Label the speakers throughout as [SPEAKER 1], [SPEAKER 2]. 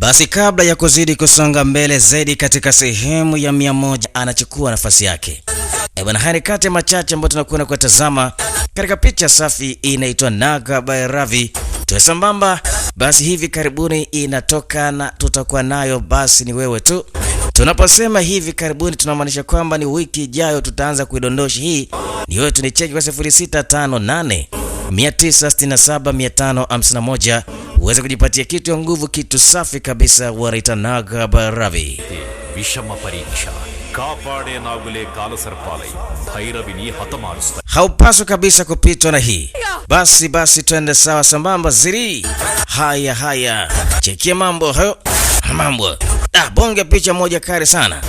[SPEAKER 1] Basi kabla ya kuzidi kusonga mbele zaidi katika sehemu ya mia moja anachukua nafasi yake. E bwana, haya ni kati ya machache ambayo tunakwenda kutazama katika picha safi inaitwa Naga by Ravi. Tuwe sambamba, basi hivi karibuni inatoka na tutakuwa nayo, basi ni wewe tu. Tunaposema hivi karibuni, tunamaanisha kwamba ni wiki ijayo tutaanza kuidondosha hii. Ni wewe tu, ni cheki kwa 0658 967 551 uweze kujipatia kitu ya nguvu, kitu safi kabisa. Waritanaga baravi vishamaparisha ಕಾಪಾಡೇನಾಗುಲೆ ಕಾಲ ಸರ್ಪಾಲೈ ಭೈರವಿನಿ ಹತಮಾಡಿಸ್ತ haupaswi kabisa kupitwa na hii. Basi basi, twende sawa sambamba ziri. Haya haya, chekia mambo hayo, mambo ah, bonge picha moja kali sana.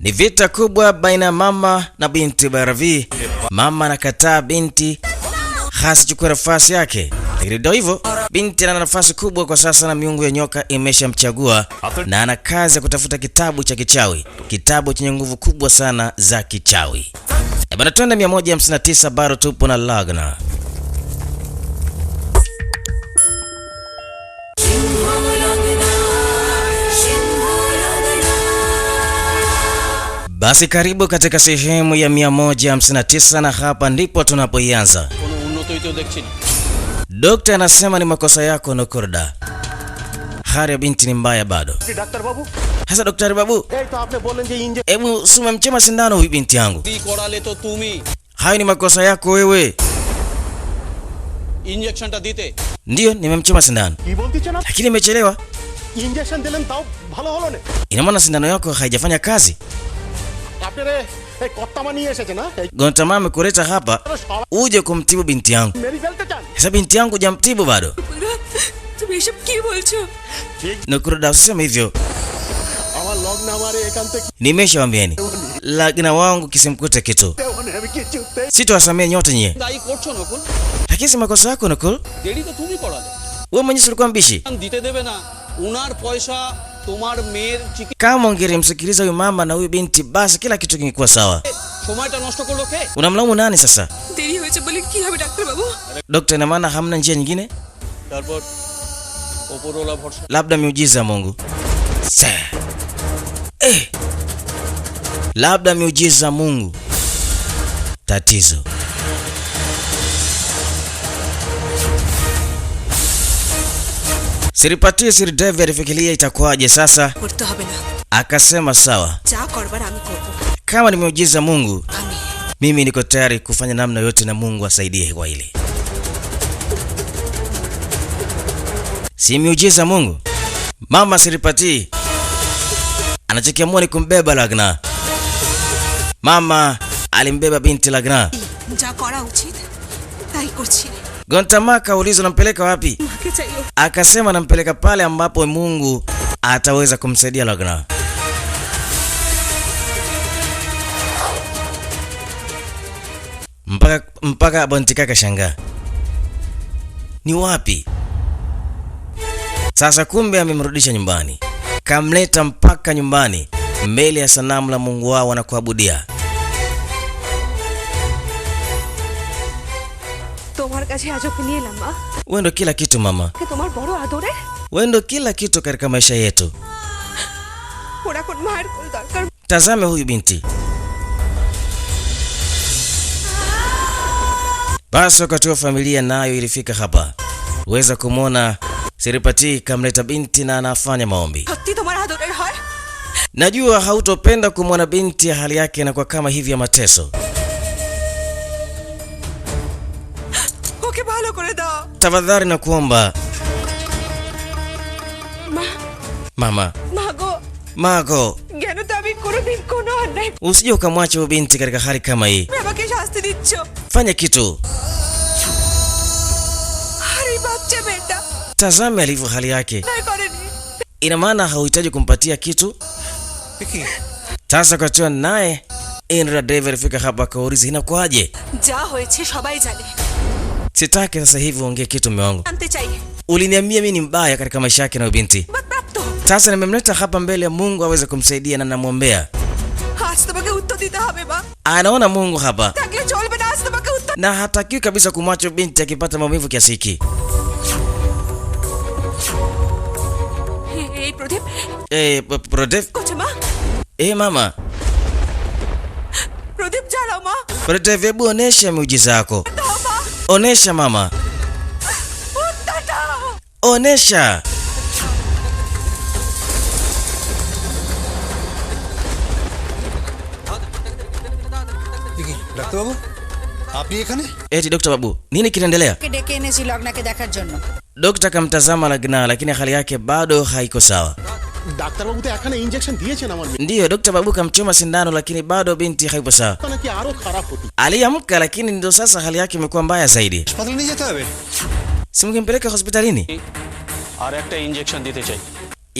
[SPEAKER 1] Ni vita kubwa baina ya mama na binti Baravi. Mama anakataa binti hasichukua nafasi yake dhahiri ndio hivyo. Binti ana nafasi kubwa kwa sasa na miungu ya nyoka imeshamchagua na ana kazi ya kutafuta kitabu cha kichawi, kitabu chenye nguvu kubwa sana za kichawi. Eh bana, twende 159 bado tupo na Lagna. Basi karibu katika sehemu ya 159 na hapa ndipo tunapoianza. Dokta anasema ni makosa yako Nokorda, hali ya binti ni mbaya bado. Hasa daktari babu, hebu mchema sindano huyu binti yangu. Hayo ni makosa yako wewe. Ndiyo, nimemchema sindano lakini imechelewa. Ina maana sindano yako haijafanya kazi. Gontama amekuleta hapa uje kumtibu binti yangu. Sasa binti yangu hujamtibu bado. Nakuruda useme hivyo. Nimeshawambieni lagina wangu kisimkute kitu. Sitawasamia nyote nyie. Lakini si makosa yako Nukul, Wewe mwenyewe ulikuwa mbishi. তোমার মেয়ের kama ungelimsikiliza huyu mama na huyu binti, basi kila kitu kingekuwa sawa. সময়টা Unamlaumu nani sasa? Dokta, ina maana hamna njia nyingine? labda miujiza ya Mungu. Eh, labda miujiza Mungu. Tatizo Siripati Siridevi alifikiria itakuwaje sasa, akasema sawa, kama nimeujiza Mungu mimi niko tayari kufanya namna yote, na Mungu asaidie kwa hili. Si miujiza Mungu. Mama Siripati anachokiamua ni kumbeba Lagna. Mama alimbeba binti Lagna. Gontamaka ulizwa nampeleka wapi? Akasema nampeleka pale ambapo Mungu ataweza kumsaidia Lagna. Mpaka mpaka Bonti Ni wapi? Sasa kumbe amemrudisha nyumbani. Kamleta mpaka nyumbani mbele ya sanamu la Mungu wao wanakuabudia. কাছে ndo kila kitu mama তোমার ndo kila kitu katika maisha yetu tazame huyu binti basi wakati wa familia nayo ilifika hapa weza kumwona Siripati kamleta binti na anafanya maombi. Najua hautopenda kumwona binti ya hali yake inakuwa kama hivi ya mateso. ভালো করে da. tafadhali na kuomba. Ma. mama Mago. mago Ngeno tabi kuru din কোনো অন্যায় usije ukamwacha binti katika hali kama hii Baba kesho দিচ্ছ fanya kitu Hari bache beta. tazame alivyo hali yake ina maana hauhitaji kumpatia kitu sasa kwa katiwa naye inra driver fika hapa akauliza inakuwaje যা হয়েছে সবাই jale. Sitaki sasa hivi uongee kitu mume wangu. Uliniambia mimi ni mbaya katika maisha yake na binti. Sasa nimemleta hapa mbele ya Mungu aweze kumsaidia na namwombea. Anaona Mungu hapa. Na hatakiwi kabisa kumwacha binti akipata maumivu kiasi hiki. Hey, Pradeep. Hey, Pradeep. Hey, eh, eh, mama. ma. Pradeep, hebu onesha miujiza yako. Onesha mama, onesha. কি ডাক্তারবাবু আপনি এখানে Eti dokta babu, nini kinaendelea? কে ডেকে এনেছি লগ্নাকে দেখার জন্য Dokta akamtazama Lagna lakini hali yake bado haiko sawa. Dr. Babu te তো injection diye chena আমার ndiyo Dr. babu kamchoma sindano lakini bado binti haipo sawa মেয়েকে আরো খারাপ হতে aliamka lakini ndo sasa hali yake imekuwa mbaya zaidi হাসপাতালে নিয়ে যেতে Simu kimpeleka hospitalini আর একটা ইঞ্জেকশন দিতে চাই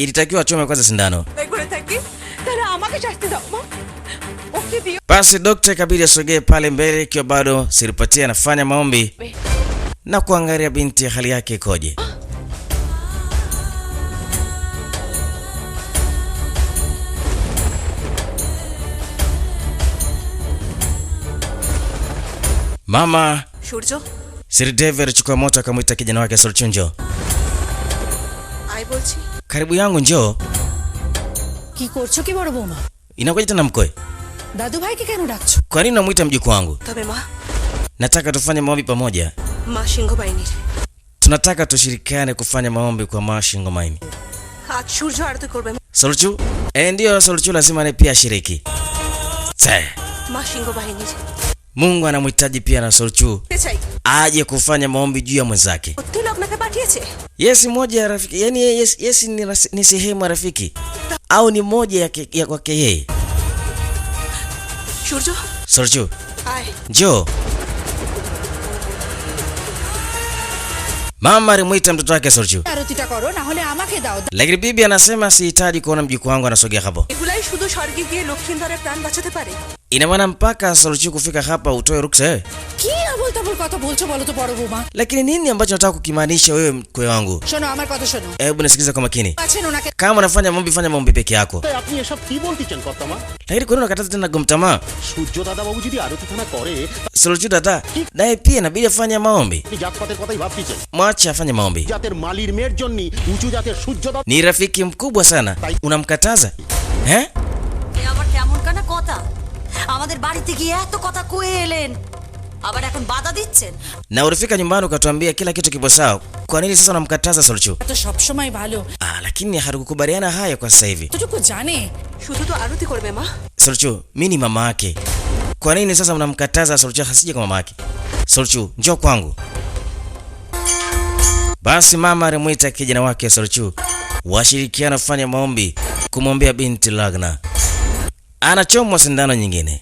[SPEAKER 1] ilitakiwa achome kwanza sindano তাই করে থাকি তারা আমাকে শাস্তি দাও মা diyo. দিও basi dokta ikabidi asogee pale mbele ikiwa bado siripatia anafanya maombi na kuangalia binti hali yake ikoje ah! Mama Shurjo. সূর্য Dave alichukua moto akamwita kijana wake Solchunjo. Ai বলছি Karibu yangu njoo. Ki korcho ki বড় boma? Inakuja tena mkoe. Dadu bhai ki কেন dakcho? Kwa nini unamwita mjukuu wangu? Tabe ma. Nataka tufanye maombi pamoja. মা সিংহ বাহিনীর Tunataka tushirikiane kufanya maombi kwa Mashingo Maimi. আজ সূর্য আরতি korbe. Solchu? Eh, ndiyo Solchu lazima ni pia shiriki. Tse. মা সিংহ বাহিনীর Mungu anamhitaji pia na sorchu aje kufanya maombi juu ya mwenzake. Yes, moja ya rafiki, yani yes, yes ni, ni sehemu ya rafiki au ni moja ya, ya kwake yeye. Sorchu, njoo Mama alimwita mtoto wake Sorchu. Lakini bibi anasema sihitaji kuona mjukuu wangu anasogea hapo. Ina maana mpaka Sorchu kufika hapa utoe ruksa wewe? আবল কথা বলছো বলো তো বড় বৌমা lakini nini ambacho nataka kukimaanisha wewe mkwe wangu? শোনো আমার কথা শোনো Hebu nisikilize kwa makini. আছেন ওনাকে Kama unafanya maombi, fanya maombi peke yako, আপনি এসব কি বলতেছেন কর্তামা lakini kwa unakataza tena গমতামা সূর্য দাদাবাবু যদি আরতি থানা করে Suluchu dada naye pia inabidi afanye maombi. আপনি জাতপাতের কথাই ভাবতেছেন Mwache afanye মাombi, জাতের মালির মেয়ের জন্য উঁচু জাতের সূর্য দাদা ni rafiki mkubwa sana, unamkataza eh? আমাদের বাড়িতে গিয়ে এত কথা কয়ে এলেন আবার এখন বাধা দিচ্ছেন না ulifika nyumbani ukatuambia kila kitu kipo sawa. Kwa nini sasa unamkataza Solchu? তো সবসময় ভালো Ah, lakini hatukukubaliana haya kwa sasa hivi. এতটুকু জানে শুধু তো আরতি করবে মা Solchu, mimi ni mama yake. Kwa nini sasa unamkataza Solchu hasije kwa mama yake? Solchu, njoo kwangu. Basi mama alimwita kijana wake Solchu, washirikiana kufanya maombi kumwombea binti Lagna. Anachomwa sindano nyingine.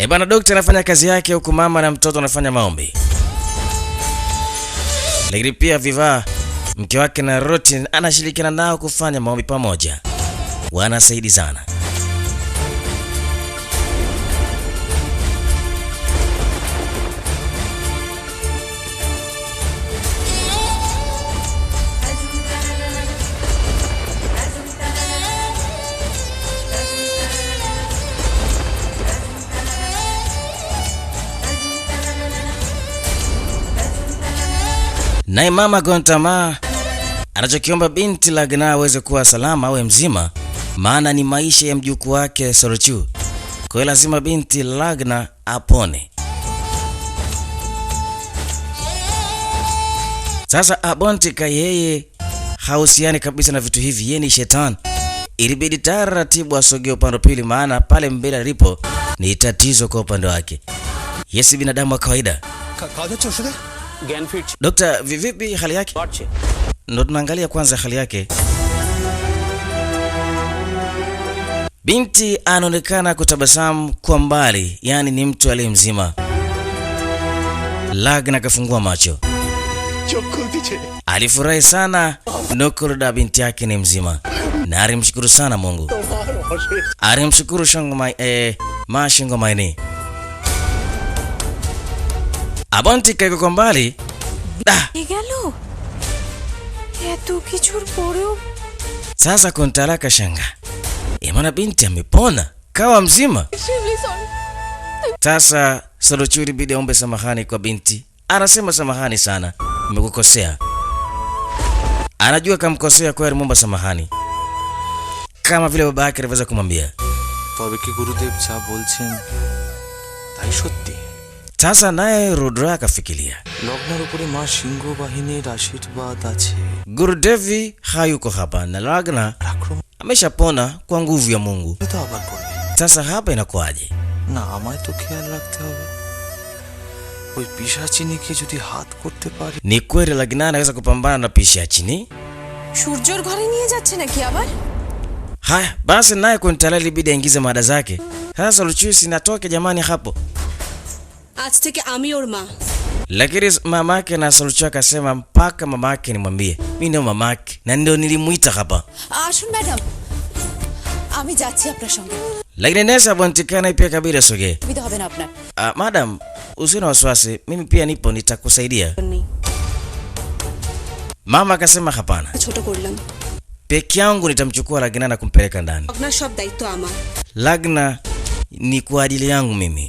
[SPEAKER 1] E eh bana dokta anafanya kazi yake huku mama na mtoto anafanya maombi, lakini pia Viva mke wake na Rotin anashirikiana nao kufanya maombi pamoja, wanasaidizana. Naye mama Gontama anachokiomba binti la aweze kuwa salama, awe mzima, maana ni maisha ya mjukuu wake Sorochu. Kwa hiyo lazima binti Lagna apone. Sasa Abontika yeye hahusiani kabisa na vitu hivi, yeye ni shetani. Ilibidi taratibu asogee upande pili, maana pale mbele alipo ni tatizo kwa upande wake. Yesi binadamu wa kawaida. Dokta, vivipi hali yake? Ndio tunaangalia kwanza hali yake. Binti anaonekana kutabasamu kwa mbali, yaani ni mtu aliye mzima. Lagna akafungua macho, alifurahi sana Nokorda, binti yake ni mzima na alimshukuru sana Mungu, alimshukuru Shango eh, Mashingo Maini. আবান্তি কম বাড়ি গেল এত কিছুর পরেও Sasa Kuntala kashanga imana e, binti amepona kawa mzima. Sasa Saluchuri bidi aombe samahani kwa binti, anasema samahani sana, nimekukosea. Anajua kamkosea kwa muomba samahani kama vile baba yake aliweza kumwambia. তবে কি গুরুদেব যা বলছেন তাই সত্যি sasa naye Rudra akafikiria, লগ্নের উপরে মা সিংহ বাহিনীর আশীর্বাদ আছে Gurudevi hayuko hapa na Ragna আক্রমণ pona kwa nguvu ya Mungu. তো আবার করবে Sasa hapa inakuwaje? না আমায় তো খেয়াল রাখতে হবে ওই পিসাচিনিকে যদি হাত করতে পারি Ni kweli Ragna anaweza kupambana na Pishiachini? সূর্যর ঘরে নিয়ে যাচ্ছে নাকি আবার Haya basi, naye Kuntala ilibidi aingize mada zake. Sasa Luchusi, natoke jamani hapo. আজ থেকে আমি ওর মা lakini mamake na Salchu akasema mpaka mamake nimwambie mi ndio mamake na ndio nilimwita hapa. Ashun ah, madam, আমি যাচ্ছি আপনার সঙ্গে lakini Nesa Bwantika pia kabidi asogee. Vida হবে না আপনার Ah, madam usiwe wasiwasi, mimi pia nipo, nitakusaidia. নেই Mama akasema hapana, ছোট করলাম peke yangu nitamchukua Lagna na kumpeleka ndani. Lagna ni kwa ajili yangu mimi.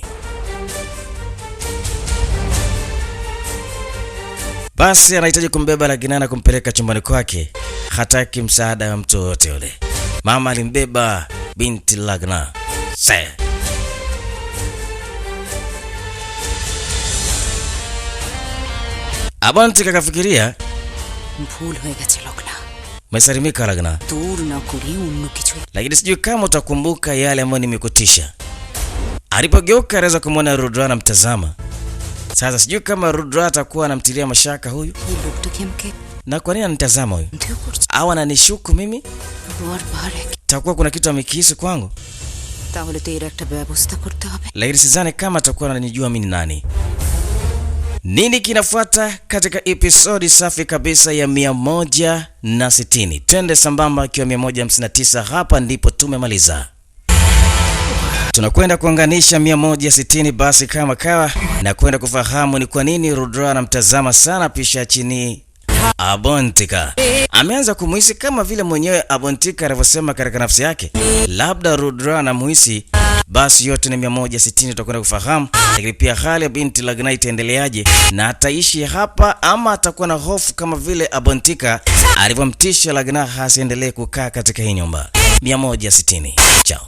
[SPEAKER 1] Basi anahitaji kumbeba Laginana kumpeleka chumbani kwake, hataki msaada wa mtu yoyote yule. Mama alimbeba binti Lagna se Abanti kakafikiria mesalimika Lagna, lakini sijui kama utakumbuka yale ambayo nimekutisha. Alipogeuka aliweza kumwona Rudra na mtazama sasa sijui kama Rudra atakuwa anamtilia mashaka huyu, na kwa nini anitazama huyu au ananishuku mimi? Takuwa kuna kitu amekihisi kwangu, lakini sizani kama atakuwa ananijua mimi ni nani. Nini kinafuata katika episodi safi kabisa ya 160? Twende sambamba ikiwa 159. Hapa ndipo tumemaliza. Tunakwenda kuunganisha 160 basi kama kawa na kwenda kufahamu ni kwa nini Rudra anamtazama sana pisha chini Abontika ameanza kumuhisi kama vile mwenyewe Abontika alivyosema katika nafsi yake, labda Rudra anamuhisi. Basi yote ni 160 tutakwenda kufahamu, lakini pia hali ya binti Lagna itaendeleaje na ataishi hapa ama atakuwa na hofu kama vile Abontika alivyomtisha Lagna hasiendelee kukaa katika hii nyumba 160. Chao.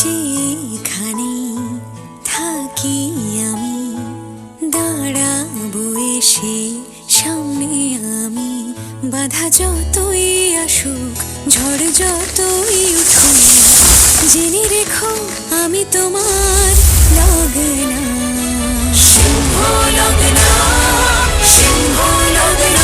[SPEAKER 1] যেখানে থাকি আমি সামনে আমি যতই আসুক ঝড় যতই উঠুক জেনে রেখো আমি তোমার লগ্ন সিংহ লগ্না সিংহ লগ্না